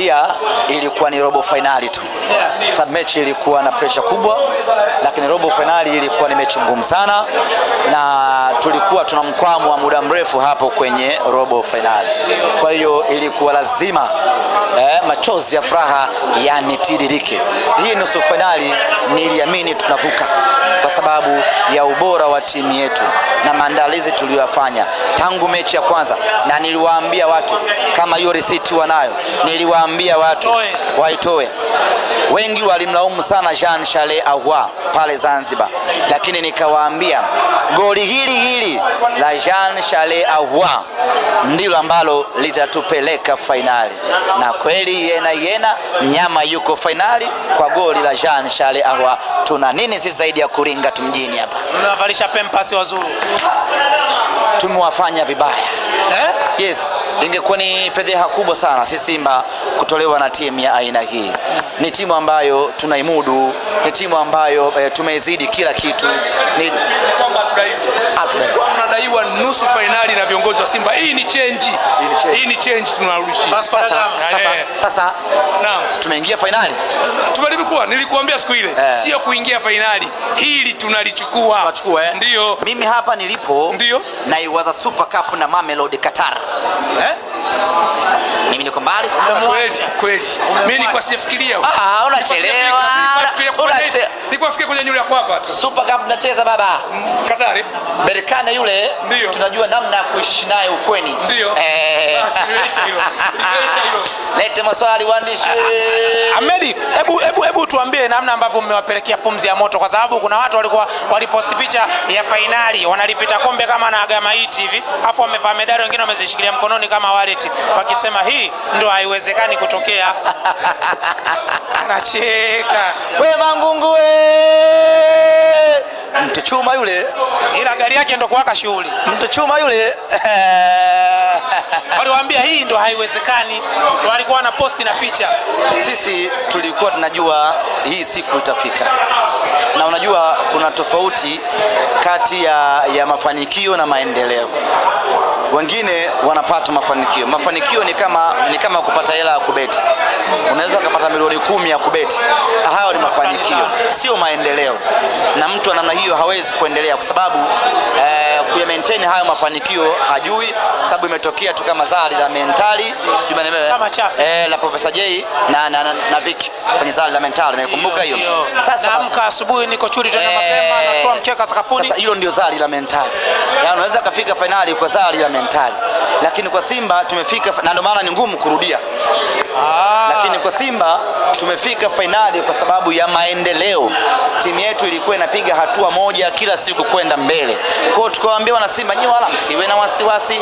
kulia ilikuwa ni robo fainali tu, sababu mechi ilikuwa na pressure kubwa, lakini robo fainali ilikuwa ni mechi ngumu sana, na tulikuwa tuna mkwamo wa muda mrefu hapo kwenye robo fainali. Kwa hiyo ilikuwa lazima eh, machozi ya furaha yanitiririke. Hii nusu fainali niliamini tunavuka kwa sababu ya ubora wa timu yetu na maandalizi tuliyofanya tangu mechi ya kwanza, na niliwaambia watu kama hiyo risiti wanayo, niliwa kuambia watu waitoe. Wengi walimlaumu sana Jean Charles Ahoua pale Zanzibar, lakini nikawaambia goli hili hili la Jean Charles Ahoua ndilo ambalo litatupeleka fainali, na kweli yena yena nyama yuko fainali kwa goli la Jean Charles Ahoua. Tuna nini si zaidi ya kuringa tumjini hapa, tunavalisha pempasi wazuri tumewafanya vibaya eh? Yes, ingekuwa ni fedheha kubwa sana si Simba kutolewa na timu ya aina hii. Ni timu ambayo tunaimudu, ni timu ambayo eh, tumezidi kila kitu ni ah, tunadaiwa nusu fainali na viongozi wa Simba. Hii ni change, hii ni change tunarushia. Eh. Sasa naam, tumeingia fainali, tumelikuwa nilikuambia siku ile eh, sio kuingia fainali, hili tunalichukua, tunachukua eh? Ndio mimi hapa nilipo ndio na it was a Super Cup na Mamelodi Qatar eh? mimi niko mbali sana kweli kweli, mimi nilikuwa sijafikiria. Ah, ah unachelewa, nilikuwa kwenye yule ya kwapa tu Super Cup tunacheza baba Katari mm, Berkane yule, ndio tunajua namna ya kuishi naye ukweni, ndio eh, Lete maswali waandishi. Ahmed, hebu hebu hebu tuambie namna ambavyo mmewapelekea pumzi ya moto, kwa sababu kuna watu walikuwa walipost picha ya fainali wanalipita kombe kama na agamaiti hivi, afu wamevaa medali, wengine wamezishikilia mkononi kama wale toilet, wakisema hii ndo haiwezekani kutokea. Anacheka we mangungue mtu chuma yule, ila gari yake ndo kuwaka shughuli. Mtu chuma yule waliwaambia hii ndo haiwezekani, ndo alikuwa na posti na picha. Sisi tulikuwa tunajua hii siku itafika, na unajua kuna tofauti kati ya, ya mafanikio na maendeleo wengine wanapata mafanikio. Mafanikio ni kama, ni kama kupata hela ya kubeti, unaweza ukapata milioni kumi ya kubeti. Hayo ni mafanikio, sio maendeleo, na mtu wa namna hiyo hawezi kuendelea kwa sababu eh, kuya maintain hayo mafanikio hajui, sababu imetokea tu kama zali la mentali eh, la Professor Jay na na, na, na Vic kwenye zali la mentali, nakumbuka hiyo. Sasa amka asubuhi, niko churi tena mapema, eh. natoa mkeka sakafuni. Sasa hilo ndio zali la mentali, yaani unaweza kafika finali kwa zali la mentali, lakini kwa Simba tumefika, na ndio maana ni ngumu kurudia. Ah. lakini kwa Simba tumefika fainali kwa sababu ya maendeleo. Timu yetu ilikuwa inapiga hatua moja kila siku kwenda mbele. Kwa hiyo tukawaambia wana Simba, nyinyi wala msiwe na wasiwasi,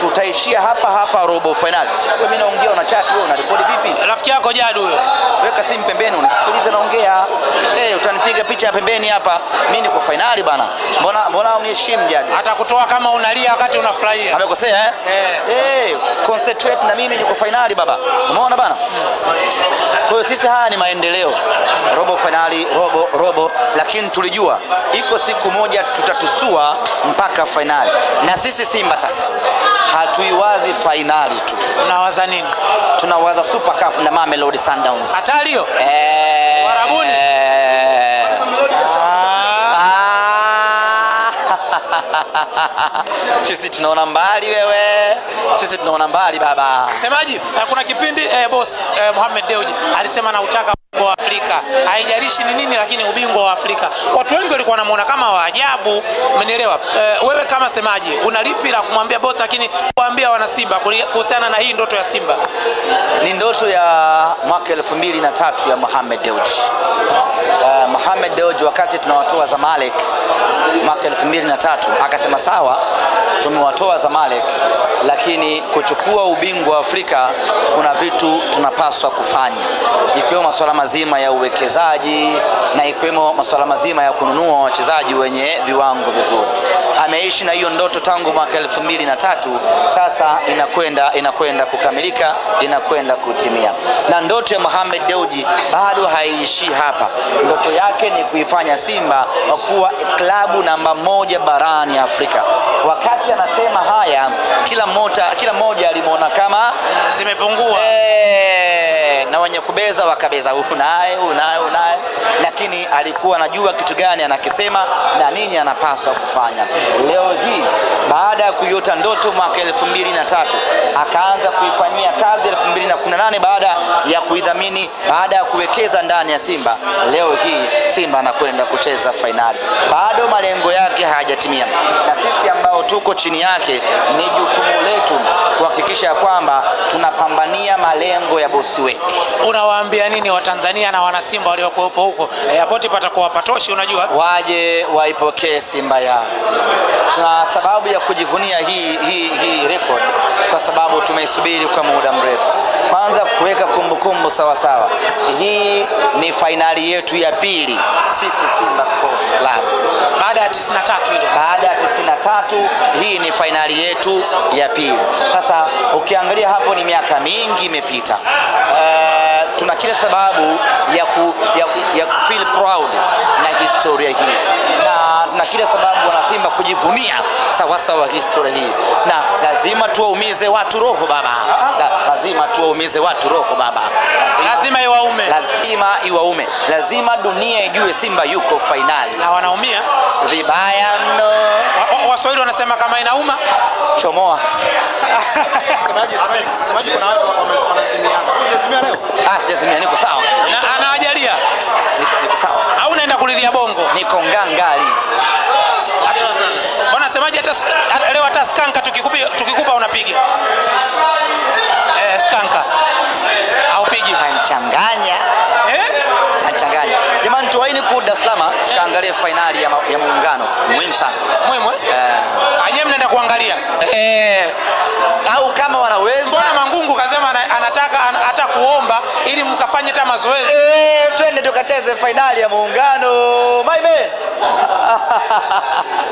tutaishia hapa hapa robo fainali. Mimi naongea na chat, wewe unarekodi vipi? Rafiki yako Jadu huyo weka simu pembeni, unisikilize naongea. Hey, utanipiga picha ya pembeni hapa, mimi niko fainali bana. Mbona mbona uniheshimu jadi? Hata kutoa kama unalia wakati unafurahia. Amekosea eh? Eh, hey, concentrate na mimi niko fainali baba. Umeona bana? Kwa hiyo sisi haya ni maendeleo. Robo fainali, robo robo, lakini tulijua iko siku moja tutatusua mpaka fainali. Na sisi Simba sasa hatuiwazi fainali tu. Tunawaza nini? Tunawaza Super Cup na Mamelodi Sundowns. Biashara hiyo eh, Warabuni eh, sisi tunaona mbali wewe sisi tunaona mbali baba. Semaji, eh, kuna kipindi eh, boss eh, Mohamed Dewji alisema nautaka ubingwa wa Afrika, haijalishi ni nini, lakini ubingwa wa Afrika. Watu wengi walikuwa wanamuona kama wa ajabu, umenielewa? Eh, wewe kama Semaji una lipi la kumwambia boss, lakini kuambia wana Simba kuhusiana na hii ndoto ya Simba? Ni ndoto ya mwaka elfu mbili na tatu ya Mohamed Dewji. Uh, Mohamed Dewji wakati tunawatoa Zamalek mwaka elfu mbili na tatu akasema sawa tumewatoa Zamalek, lakini kuchukua ubingwa wa Afrika kuna vitu tunapaswa kufanya, ikiwemo masuala mazima ya uwekezaji na ikiwemo masuala mazima ya kununua wachezaji wenye viwango vizuri kuishi na hiyo ndoto tangu mwaka elfu mbili na tatu. Sasa inakwenda inakwenda kukamilika inakwenda kutimia, na ndoto ya Mohamed Dewji bado haiishii hapa. Ndoto yake ni kuifanya Simba kuwa klabu namba moja barani Afrika. Wakati anasema haya, kila mmoja kila mmoja alimwona kama zimepungua. eh, na wenye kubeza wakabeza, unaye unaye unaye, lakini alikuwa anajua kitu gani anakisema na nini anapaswa kufanya. Leo hii baada ya kuiota ndoto mwaka elfu mbili na tatu akaanza kuifanyia kazi elfu mbili na kumi na nane baada ya kuidhamini, baada ya kuwekeza ndani ya Simba, leo hii Simba anakwenda kucheza fainali, bado malengo ya yake hayajatimia, na sisi ambao tuko chini yake ni jukumu letu kuhakikisha ya kwamba tunapambania malengo ya bosi wetu. Unawaambia nini Watanzania na wanasimba waliokuwepo huko airport? E, patakuwa patoshi, unajua waje waipokee Simba yao. Tuna sababu ya kujivunia hii, hii, hii record kwa sababu tumeisubiri kwa muda mrefu kwanza kuweka kumbukumbu sawasawa. Hii ni fainali yetu ya pili sisi Simba Sports Club baada ya 93 ile, baada ya 93 hii ni fainali yetu ya pili. Sasa ukiangalia hapo ni miaka mingi imepita. Uh, tuna kila sababu ya ku, ya, ya ku feel proud na historia hii na tuna kila sababu Simba kujivunia sawasawa historia hii, na lazima tuwaumize watu roho baba, lazima tuwaumize watu roho baba, lazima iwaume, lazima iwaume, lazima dunia ijue Simba yuko fainali, na wanaumia vibaya mno. Waswahili wanasema kama inauma chomoa. Semaji, semaji kuna watu leo? Ah, sijazimiana. nachanganya eh? Nachanganya jamani, tuwaini ku Dar es Salaam tukaangalie fainali ya, ya muungano muhimu sana muhimu eh? Eh. Anyewe mnaenda kuangalia eh. Au kama wanaweza bwana Mangungu kasema anataka hata kuomba ili mkafanye hata mazoezi eh, twende tukacheze fainali ya muungano maime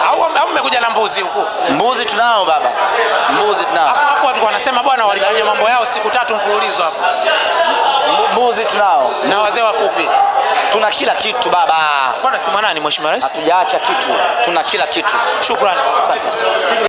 au mmekuja na mbuzi huko Mbuzi tunao baba, mbuzi tunao. Afu watu wanasema bwana, walifanya mambo yao siku tatu mfululizo hapo mbuzi tunao na wazee wafupi, tuna kila kitu baba. Mbona si mwanani, Mheshimiwa Rais? Hatujaacha kitu, tuna kila kitu. Shukrani. Sasa